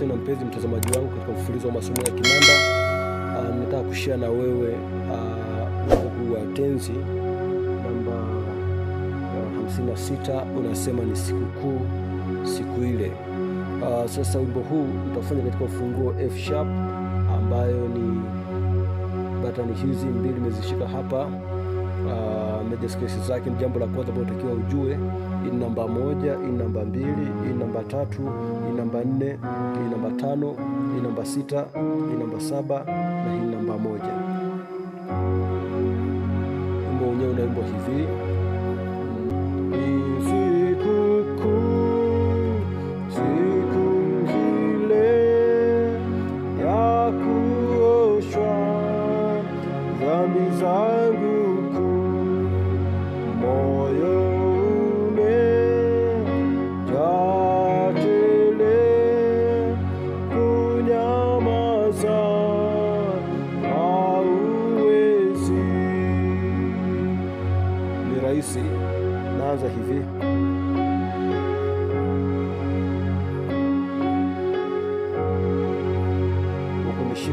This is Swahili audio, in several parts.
tena mpenzi mtazamaji wangu katika mfululizo wa masomo ya kinanda. Uh, ah, nataka kushare na wewe uh, wa tenzi namba uh, ah, 56 unasema ni sikukuu siku ile. Uh, sasa wimbo huu utafanya katika ufunguo F sharp ambayo ni batani hizi mbili nimezishika hapa. Uh, major scales zake ni jambo la kwanza ambalo unatakiwa ujue. Ini namba moja, ini namba mbili, ini namba tatu namba nne, hii namba tano, hii namba sita, hii namba saba na hii namba moja. Wimbo wenyewe unaimba hivi.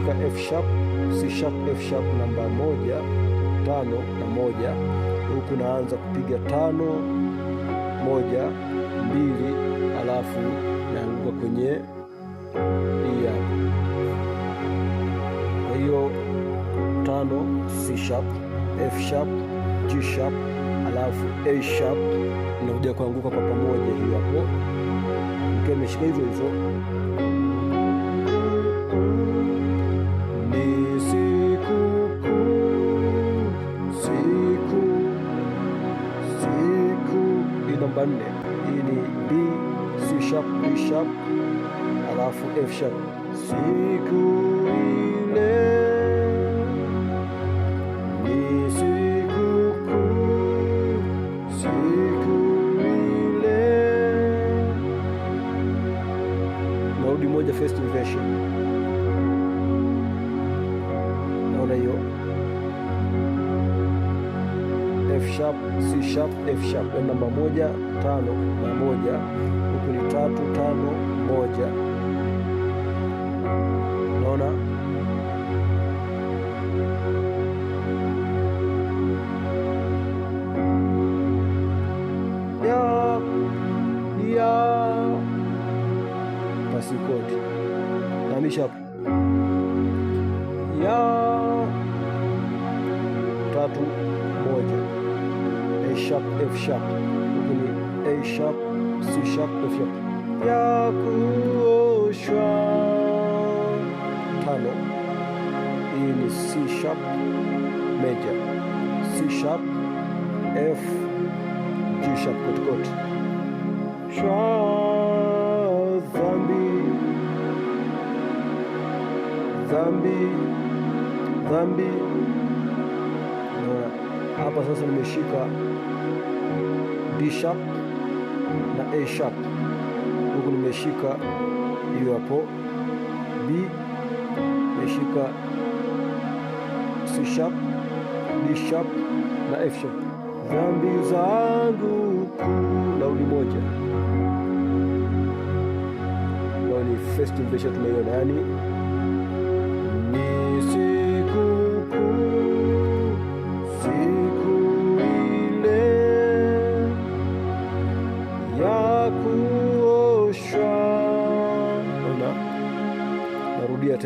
katika F sharp, C sharp, F sharp namba moja tano na moja, huku naanza kupiga tano moja mbili, alafu naanguka kwenye hii e hapa. Kwa hiyo tano C sharp, F sharp, G sharp, alafu A sharp, nakuja kuanguka kwa pamoja. Hiyo hapo mkiwa imeshika hivyo hivyo nne. Hii ni B, C sharp, D sharp alafu F sharp. Siku ile ni siku kuu, moja first inversion sharp, C sharp, F sharp, yaani namba moja tano na moja, huku ni tatu tano moja. Unaona pasi kodi ya tatu sharp, F sharp, lakini A sharp, C sharp, F sharp ya tano. Hii C sharp major, C sharp, F, G sharp kotikoti shwa dhambi zambi dhambi. Hapa sasa nimeshika B sharp na A sharp, huku nimeshika hiyo hapo B, nimeshika C sharp, D sharp na F sharp. Dhambi zangu kuu, launi moja, launi first inversion tunaiona, yani ni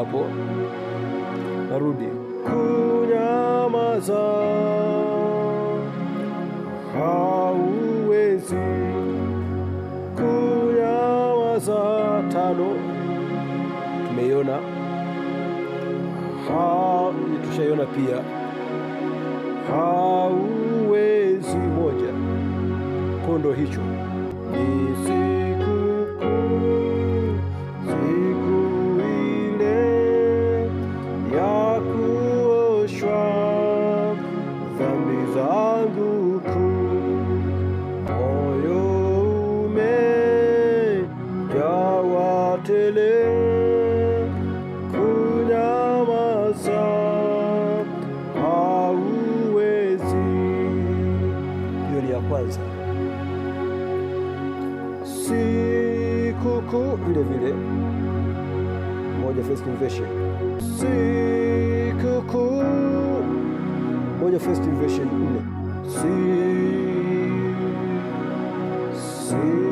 hapo, narudi kunyamaza, hauwezi kunyamaza. Tano tumeiona, tushaiona pia, hauwezi moja kondo hicho ni kwanza. Sikukuu vile vile moja first invasion, sikukuu moja first invasion nne si, si.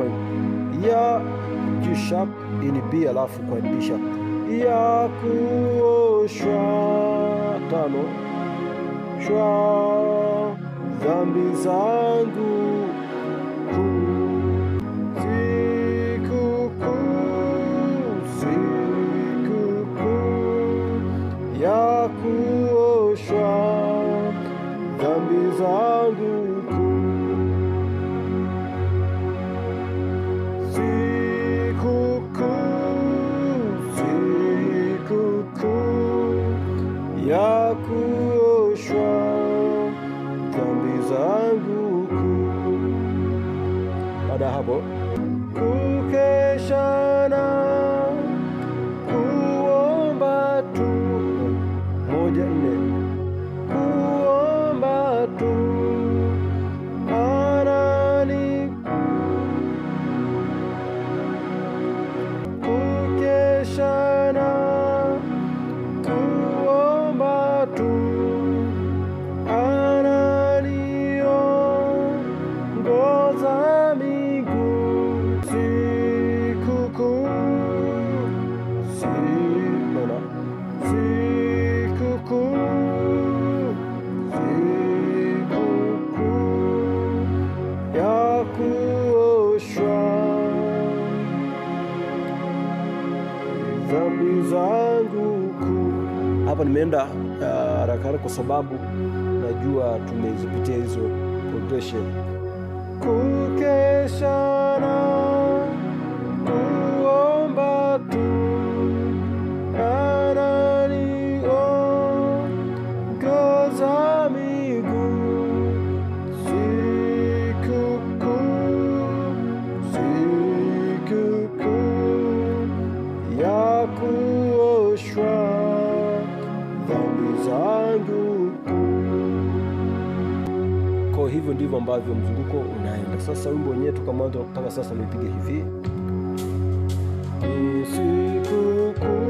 point ya G sharp ini B alafu kwa D sharp ya kuoshwa tano shwa dhambi zangu ya kuoshwa dhambi zangu hakuoshwa dhambi zangu kuu. Baada ya hapo kukesha dhambi zangu kuu. Hapa nimeenda uh, haraka haraka kwa sababu najua tumezipitia hizo progression kukeshana Kwa hivyo ndivyo ambavyo mzunguko unaenda. Sasa wimbo wenyewe toka mwanzo mpaka sasa nipige hivi. Usiku